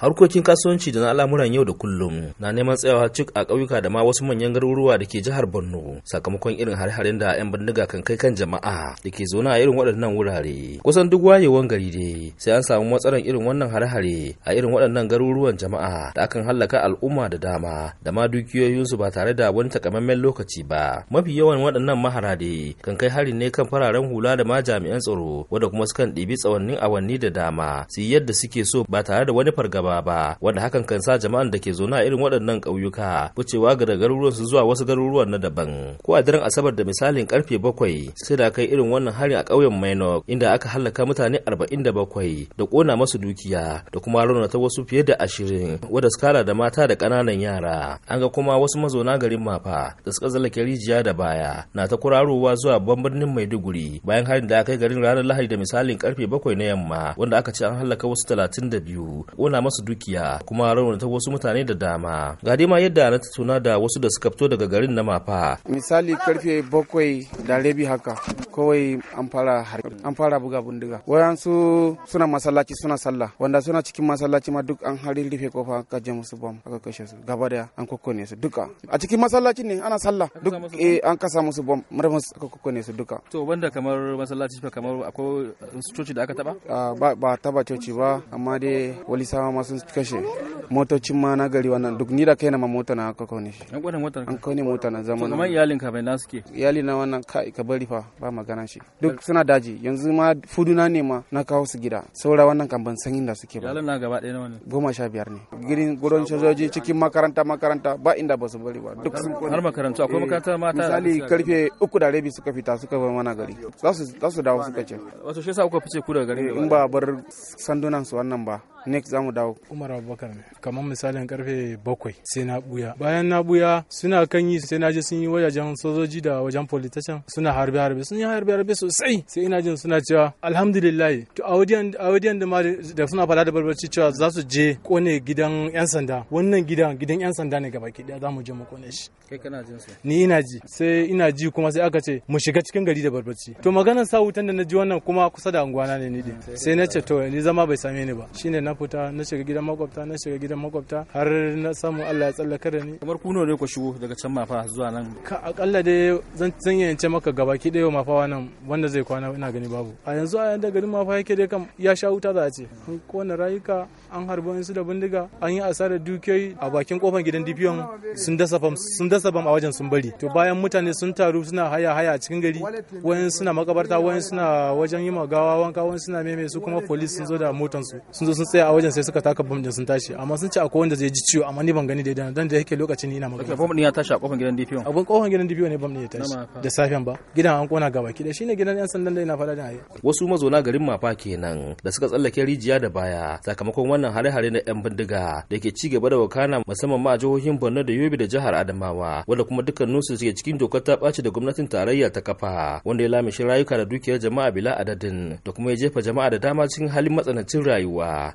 harkokin kasuwanci da na al'amuran yau da kullum na neman tsayawa cik a ƙauyuka da ma wasu manyan garuruwa da ke jihar borno sakamakon irin hare-haren da 'yan bindiga kan kai kan jama'a da ke zaune a irin waɗannan wurare kusan duk wayewan gari dai sai an samu matsalar irin wannan hare-hare a irin waɗannan garuruwan jama'a da akan hallaka al'umma da dama da ma dukiyoyinsu ba tare da wani takamaiman lokaci ba mafi yawan waɗannan mahara dai kan kai hari ne kan fararen hula da ma jami'an tsaro wanda kuma sukan ɗibi tsawannin awanni da dama su yi yadda suke so ba tare da wani fargaba maraba ba wanda hakan kan sa jama'an da ke zaune a irin waɗannan ƙauyuka wucewa ga garuruwan su zuwa wasu garuruwan na daban ko a daren asabar da misalin karfe bakwai sai da kai irin wannan harin a ƙauyen mainok inda aka halaka mutane arba'in da bakwai da ƙona masu dukiya da kuma ta wasu fiye da ashirin wadda skala da mata da ƙananan yara an ga kuma wasu mazauna garin mafa da suka zalake rijiya da baya na ta kurarowa zuwa babban birnin maiduguri bayan harin da aka kai garin ranar lahadi da misalin karfe bakwai na yamma wanda aka ce an halaka wasu talatin da biyu ƙona masu masu dukiya kuma raunata wasu mutane da dama ga dai ma yadda na tattauna da wasu da suka fito daga garin na mafa misali karfe bakwai da rabi haka kawai an fara an fara buga bindiga wayansu suna masallaci suna sallah wanda suna cikin masallaci ma duk an harin rufe kofa ka je musu bom aka kashe su gaba daya an kokkone su duka a cikin masallaci ne ana sallah duk eh an kasa musu bom murmus aka kokkone su duka to banda kamar masallaci fa kamar akwai eh, coci da aka taba ah, ba ba taba coci ba amma dai wali sama sun kashe motocin ma na gari wannan duk ni da kai na ma mota na aka an kone motar an kone mota na zaman kuma iyalin ka bai na suke iyali na wannan kai ka bari fa ba magana shi duk suna daji yanzu ma fuduna ne ma na kawo su gida saura wannan kan ban san inda suke ba iyalin na gaba ɗaya na wannan goma sha biyar ne girin gurin sojoji cikin makaranta makaranta ba inda ba su bari ba duk sun kone har makarantu akwai eh, makaranta mata misali karfe uku da rabi suka fita suka bar mana gari za su dawo suka ce wato shi yasa kuka fice ku daga gari in ba bar sandunan su wannan ba next zamu dawo umar abubakar ne kamar misalin karfe bakwai sai na buya bayan na buya suna kan yi sai na je sun yi wajajen sojoji da wajen politician suna harbe harbe sun yi harbe harbe sosai sai ina jin suna cewa alhamdulillah to a wajen da da suna fada da barbarci cewa za su je kone gidan yan sanda wannan gidan gidan yan sanda ne gabaki daya zamu je mu kone shi kai kana jin su ni ina ji sai ina ji kuma sai aka ce mu shiga cikin gari da barbarci to maganar sa wutan da na ji wannan kuma kusa da unguwana ne ni sai na ce to ni zama bai same ni ba shine na fita na shiga gidan makwabta na shiga gidan makwabta har na samu Allah ya tsallaka da ni kamar kuno ne ku shigo daga can mafa zuwa nan ka akalla dai zan zan maka gabaki dayo mafa wannan wanda zai kwana ina gani babu a yanzu a da garin mafa yake dai kam ya sha wuta za a ce an kona rayuka an harbi su da bindiga an yi asarar dukiyoyi a bakin kofar gidan dipiyon sun dasa fam sun dasa bam a wajen sun bari to bayan mutane sun taru suna haya haya a cikin gari wayan suna makabarta wayan suna wajen yi gawa wanka wayan suna meme su kuma police sun zo da motansu sun zo sun tsaya a wajen sai suka taka bom din sun tashi amma sun ce akwai wanda zai ji ciwo amma ni ban gani da dan da yake lokacin ina magana bom din ya tashi a kofar gidan DPO abun kofar gidan DPO ne bom din ya tashi da safen ba gidan an kona gaba ki shine gidan yan sandan da ina fada da wasu mazauna garin Mafa kenan da suka tsallake rijiya da baya sakamakon wannan hare-hare na yan bindiga da ke ci gaba da wakana musamman ma a jihohin Borno da Yobe da jihar Adamawa wanda kuma dukkan nusu suke cikin dokar ta ɓaci da gwamnatin tarayya ta kafa wanda ya lamishi rayuka da dukiyar jama'a bila adadin da kuma ya jefa jama'a da dama cikin halin matsanancin rayuwa